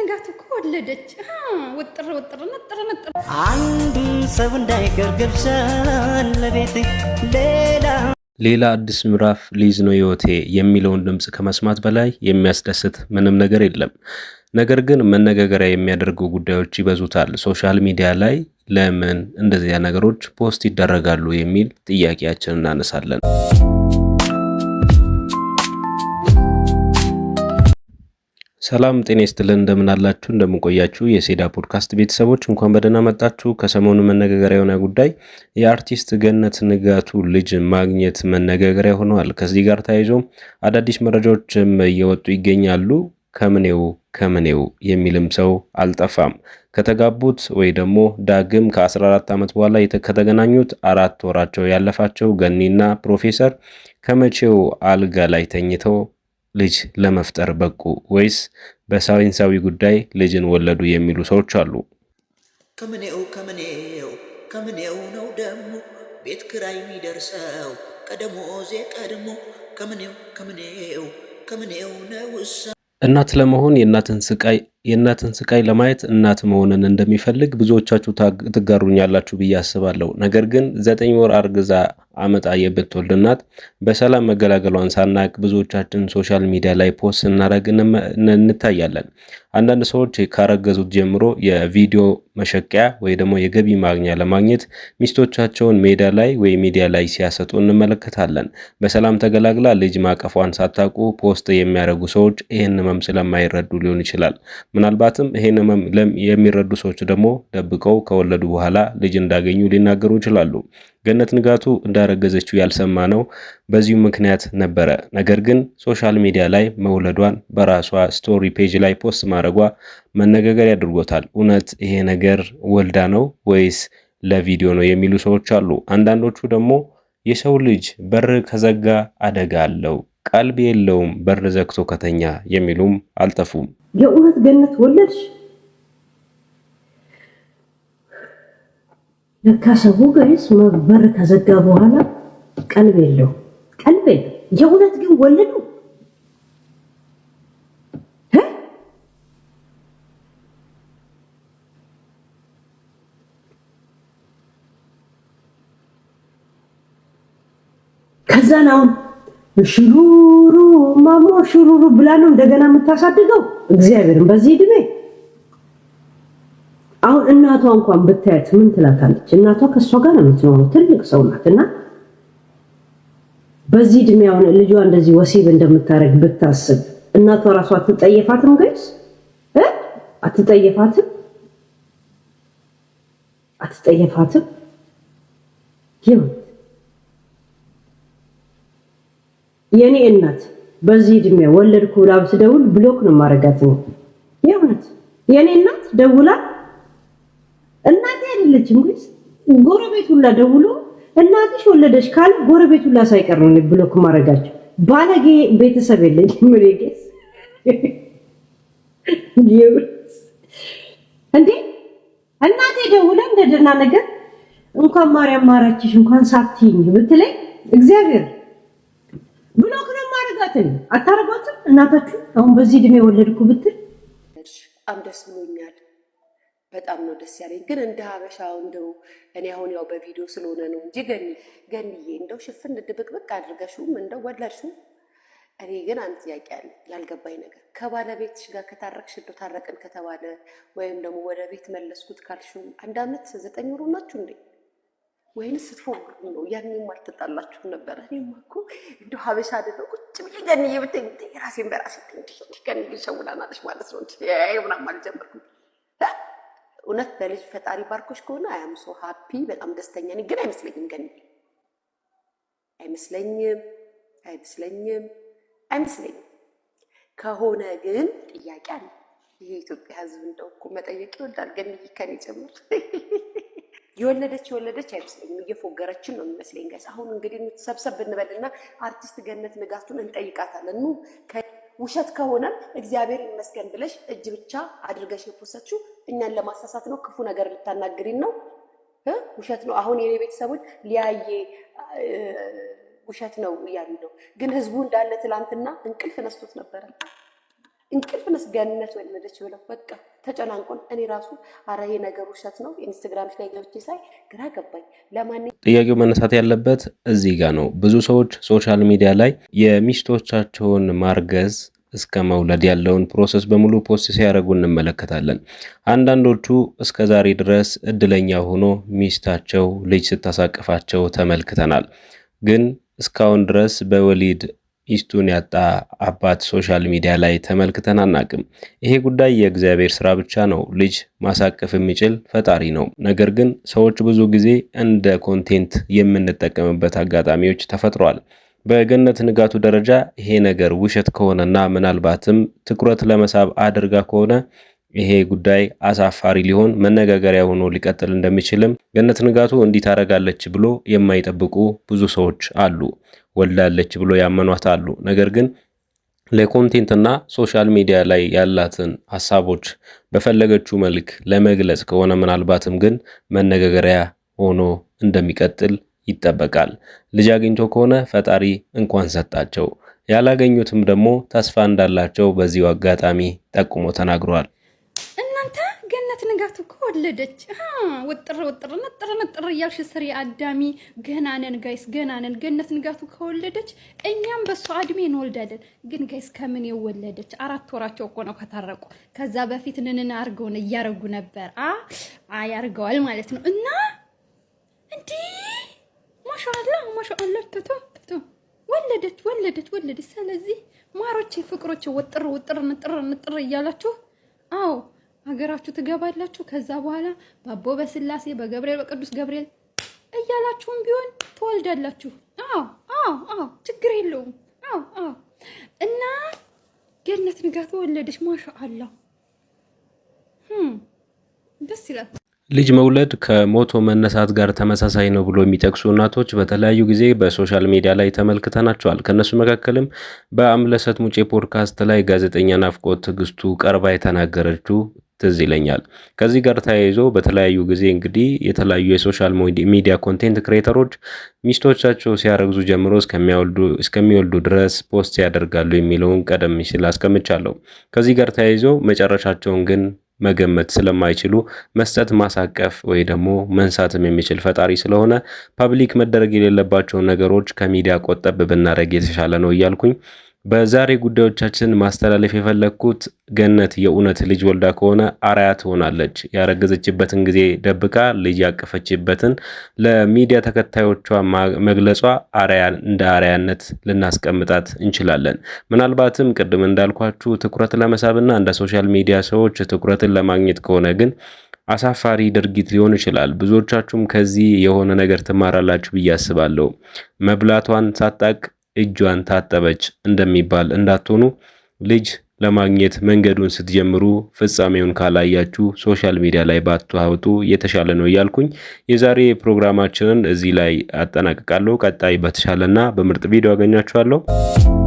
ንጋት እኮ ወለደች። ውጥር ውጥር ነጥር ነጥር አንድ ሰው እንዳይቀር ለቤት ሌላ ሌላ አዲስ ምዕራፍ ሊዝ ነው ህይወቴ የሚለውን ድምፅ ከመስማት በላይ የሚያስደስት ምንም ነገር የለም። ነገር ግን መነጋገሪያ የሚያደርጉ ጉዳዮች ይበዙታል። ሶሻል ሚዲያ ላይ ለምን እንደዚያ ነገሮች ፖስት ይደረጋሉ የሚል ጥያቄያችንን እናነሳለን። ሰላም ጤና ይስጥልን። እንደምን አላችሁ? እንደምን ቆያችሁ? የሴዳ ፖድካስት ቤተሰቦች እንኳን በደህና መጣችሁ። ከሰሞኑ መነጋገሪያ የሆነ ጉዳይ የአርቲስት ገነት ንጋቱ ልጅ ማግኘት መነጋገሪያ ሆነዋል። ከዚህ ጋር ተያይዞ አዳዲስ መረጃዎችም እየወጡ ይገኛሉ። ከምኔው ከምኔው የሚልም ሰው አልጠፋም። ከተጋቡት ወይ ደግሞ ዳግም ከ14 ዓመት በኋላ ከተገናኙት አራት ወራቸው ያለፋቸው ገኒና ፕሮፌሰር ከመቼው አልጋ ላይ ተኝተው ልጅ ለመፍጠር በቁ ወይስ በሳይንሳዊ ጉዳይ ልጅን ወለዱ የሚሉ ሰዎች አሉ። ከምኔው ከምኔው ከምኔው ነው ደሞ ቤት ክራይ የሚደርሰው ከደሞዜ ቀድሞ ከምኔው ከምኔው ከምኔው ነው እሳ እናት ለመሆን የእናትን ስቃይ ለማየት እናት መሆንን እንደሚፈልግ ብዙዎቻችሁ ትጋሩኛላችሁ ብዬ አስባለሁ። ነገር ግን ዘጠኝ ወር አርግዛ አመጣ የብትወልድ እናት በሰላም መገላገሏን ሳናቅ ብዙዎቻችን ሶሻል ሚዲያ ላይ ፖስት ስናደርግ እንታያለን። አንዳንድ ሰዎች ካረገዙት ጀምሮ የቪዲዮ መሸቂያ ወይ ደግሞ የገቢ ማግኛ ለማግኘት ሚስቶቻቸውን ሜዳ ላይ ወይ ሚዲያ ላይ ሲያሰጡ እንመለከታለን። በሰላም ተገላግላ ልጅ ማቀፏን ሳታውቁ ፖስት የሚያደርጉ ሰዎች ይህን ህመም ስለማይረዱ ሊሆን ይችላል። ምናልባትም ይህን ህመም የሚረዱ ሰዎች ደግሞ ደብቀው ከወለዱ በኋላ ልጅ እንዳገኙ ሊናገሩ ይችላሉ። ገነት ንጋቱ እንዳ እንዳረገዘችው ያልሰማ ነው በዚሁ ምክንያት ነበረ። ነገር ግን ሶሻል ሚዲያ ላይ መውለዷን በራሷ ስቶሪ ፔጅ ላይ ፖስት ማድረጓ መነጋገር ያድርጎታል። እውነት ይሄ ነገር ወልዳ ነው ወይስ ለቪዲዮ ነው የሚሉ ሰዎች አሉ። አንዳንዶቹ ደግሞ የሰው ልጅ በር ከዘጋ አደጋ አለው፣ ቀልብ የለውም በር ዘግቶ ከተኛ የሚሉም አልጠፉም። የእውነት ገነት ወለድሽ ከሰቡ ጋይስ በር ከዘጋ በኋላ ቀልብ የለው ቀልብ የለው። የእውነት ግን ወለዱ ከዛን አሁን ሽሩሩ ማሞ ሽሩሩ ብላ ነው እንደገና የምታሳድገው እግዚአብሔርን በዚህ እድሜ። እናቷ እንኳን ብታያት ምን ትላታለች? እናቷ ከእሷ ጋር ነው የምትኖረው። ትልቅ ሰው ናት እና በዚህ እድሜ አሁን ልጇ እንደዚህ ወሲብ እንደምታደርግ ብታስብ እናቷ ራሷ አትጠየፋትም? ጋይስ አትጠየፋትም? አትጠየፋትም? ይሁን የኔ እናት በዚህ እድሜ ወለድኩ ብላ ብትደውል ብሎክ ነው ማረጋት ነው የእውነት የኔ እናት ደውላል። አይደለችም ግን ጎረቤት ሁላ ደውሎ እናትሽ ወለደች ካል ጎረቤት ሁላ ሳይቀር ነው ብሎክ ማድረጋቸው። ባለጌ ቤተሰብ የለኝም እኔ ጌስ እንዴ እናቴ ደውላ እንደ ደህና ነገር እንኳን ማርያም ማራችሽ እንኳን ሳትይኝ ብትለኝ እግዚአብሔር ብሎክ ነው ማድረጋትን። አታረጓትም እናታችሁ አሁን በዚህ እድሜ ወለድኩ ብትል በጣም ደስ ብሎኛል። በጣም ነው ደስ ያለኝ። ግን እንደ ሀበሻ እንደው እኔ አሁን ያው በቪዲዮ ስለሆነ ነው እንጂ ገኒ ገኒዬ እንደው ሽፍን ድብቅብቅ አድርገሽውም እንደው ወለድሽው። እኔ ግን አንድ ጥያቄ አለ ያልገባኝ ነገር ከባለቤትሽ ጋር ከታረቅሽ እንደው ታረቅን ከተባለ ወይም ደግሞ ወደ ቤት መለስኩት ካልሽው አንድ አመት ዘጠኝ ወሩ ናችሁ እንዴ? ወይን ስትፎግሩ ነው? ያንም አልተጣላችሁም ነበረ? እኔማ እኮ እንደው ሀበሻ አይደለው ቁጭ ብዬ ገኒዬ ብትይ ራሴን በራሴ ገኒ ግን ሸውላናለች ማለት ነው ምናምን አልጀመርኩም እውነት በልጅ ፈጣሪ ባርኮች ከሆነ አያም ሶ ሀፒ በጣም ደስተኛ ነኝ። ግን አይመስለኝም ገኒ አይመስለኝም አይመስለኝም አይመስለኝም። ከሆነ ግን ጥያቄ አለ። ይሄ የኢትዮጵያ ሕዝብ እንደው እኮ መጠየቅ ይወዳል። ገኒ ከኔ ጭምር የወለደች የወለደች አይመስለኝም። እየፎገረችን ነው የሚመስለኝ። ጋይስ አሁን እንግዲህ ሰብሰብ ብንበልና አርቲስት ገነት ንጋቱን እንጠይቃታለን። ኑ ውሸት ከሆነም እግዚአብሔር ይመስገን ብለሽ እጅ ብቻ አድርገሽ የፖሰችው እኛን ለማሳሳት ነው፣ ክፉ ነገር ልታናግሪን ነው፣ ውሸት ነው። አሁን የኔ ቤተሰቦች ሊያየ ውሸት ነው እያሉ ነው። ግን ህዝቡ እንዳለ ትላንትና እንቅልፍ ነስቶት ነበረ። እንቅልፍ ነስ ገነት ወለደች ብለው በቃ ተጨናንቆን እኔ ራሱ አረ ይሄ ነገር ውሸት ነው ኢንስትግራም ላይ ገብቼ ሳይ ግራ ገባኝ። ለማን ጥያቄው መነሳት ያለበት እዚህ ጋር ነው። ብዙ ሰዎች ሶሻል ሚዲያ ላይ የሚስቶቻቸውን ማርገዝ እስከ መውለድ ያለውን ፕሮሰስ በሙሉ ፖስት ሲያደርጉ እንመለከታለን። አንዳንዶቹ እስከ ዛሬ ድረስ እድለኛ ሆኖ ሚስታቸው ልጅ ስታሳቅፋቸው ተመልክተናል። ግን እስካሁን ድረስ በወሊድ ሚስቱን ያጣ አባት ሶሻል ሚዲያ ላይ ተመልክተን አናቅም። ይሄ ጉዳይ የእግዚአብሔር ስራ ብቻ ነው። ልጅ ማሳቀፍ የሚችል ፈጣሪ ነው። ነገር ግን ሰዎች ብዙ ጊዜ እንደ ኮንቴንት የምንጠቀምበት አጋጣሚዎች ተፈጥሯል። በገነት ንጋቱ ደረጃ ይሄ ነገር ውሸት ከሆነና ምናልባትም ትኩረት ለመሳብ አድርጋ ከሆነ ይሄ ጉዳይ አሳፋሪ ሊሆን መነጋገሪያ ሆኖ ሊቀጥል እንደሚችልም ገነት ንጋቱ እንዲህ ታደርጋለች ብሎ የማይጠብቁ ብዙ ሰዎች አሉ። ወልዳለች ብሎ ያመኗት አሉ። ነገር ግን ለኮንቴንትና ሶሻል ሚዲያ ላይ ያላትን ሀሳቦች በፈለገችው መልክ ለመግለጽ ከሆነ ምናልባትም ግን መነጋገሪያ ሆኖ እንደሚቀጥል ይጠበቃል። ልጅ አግኝቶ ከሆነ ፈጣሪ እንኳን ሰጣቸው፣ ያላገኙትም ደግሞ ተስፋ እንዳላቸው በዚሁ አጋጣሚ ጠቁሞ ተናግሯል። እናንተ ገነት ንጋቱ እኮ ወለደች። ወጥር ወጥር ነጥር ነጥር እያልሽ ስሪ አዳሚ። ገና ነን ጋይስ፣ ገና ነን። ገነት ንጋቱ ከወለደች እኛም በእሷ እድሜ እንወልዳለን። ግን ጋይስ ከምን የወለደች አራት ወራቸው እኮ ነው ከታረቁ። ከዛ በፊት ንንን አርገውን እያረጉ ነበር። አ ያርገዋል ማለት ነው። እና እንዲህ ማሻአላ ማሻአላ ትቶ ትቶ ወለደች ወለደች ወለደች። ስለዚህ ማሮቼ፣ ፍቅሮቼ ወጥር ወጥር ንጥር ንጥር እያላችሁ አዎ ሀገራችሁ ትገባላችሁ። ከዛ በኋላ በአቦ በስላሴ በገብርኤል በቅዱስ ገብርኤል እያላችሁም ቢሆን ትወልዳላችሁ። አዎ አዎ አዎ፣ ችግር የለውም። አዎ አዎ። እና ገነት ንጋት ወለደች። ማሻ አላ ደስ ይላል። ልጅ መውለድ ከሞቶ መነሳት ጋር ተመሳሳይ ነው ብሎ የሚጠቅሱ እናቶች በተለያዩ ጊዜ በሶሻል ሚዲያ ላይ ተመልክተናቸዋል። ከእነሱ መካከልም በአምለሰት ሙጬ ፖድካስት ላይ ጋዜጠኛ ናፍቆት ትዕግስቱ ቀርባ የተናገረችው ትዝ ይለኛል። ከዚህ ጋር ተያይዞ በተለያዩ ጊዜ እንግዲህ የተለያዩ የሶሻል ሚዲያ ኮንቴንት ክሬተሮች ሚስቶቻቸው ሲያረግዙ ጀምሮ እስከሚወልዱ ድረስ ፖስት ያደርጋሉ የሚለውን ቀደም ሲል አስቀምቻለሁ። ከዚህ ጋር ተያይዞ መጨረሻቸውን ግን መገመት ስለማይችሉ መስጠት፣ ማሳቀፍ ወይ ደግሞ መንሳትም የሚችል ፈጣሪ ስለሆነ ፐብሊክ መደረግ የሌለባቸውን ነገሮች ከሚዲያ ቆጠብ ብናደረግ የተሻለ ነው እያልኩኝ በዛሬ ጉዳዮቻችን ማስተላለፍ የፈለግኩት ገነት የእውነት ልጅ ወልዳ ከሆነ አርአያ ትሆናለች። ያረገዘችበትን ጊዜ ደብቃ ልጅ ያቀፈችበትን ለሚዲያ ተከታዮቿ መግለጿ አርአያ እንደ አርአያነት ልናስቀምጣት እንችላለን። ምናልባትም ቅድም እንዳልኳችሁ ትኩረት ለመሳብና እንደ ሶሻል ሚዲያ ሰዎች ትኩረትን ለማግኘት ከሆነ ግን አሳፋሪ ድርጊት ሊሆን ይችላል። ብዙዎቻችሁም ከዚህ የሆነ ነገር ትማራላችሁ ብዬ አስባለሁ። መብላቷን ሳጣቅ እጇን ታጠበች እንደሚባል እንዳትሆኑ ልጅ ለማግኘት መንገዱን ስትጀምሩ ፍጻሜውን ካላያችሁ ሶሻል ሚዲያ ላይ ባትወጡ የተሻለ ነው እያልኩኝ የዛሬ ፕሮግራማችንን እዚህ ላይ አጠናቅቃለሁ። ቀጣይ በተሻለና በምርጥ ቪዲዮ አገኛችኋለሁ።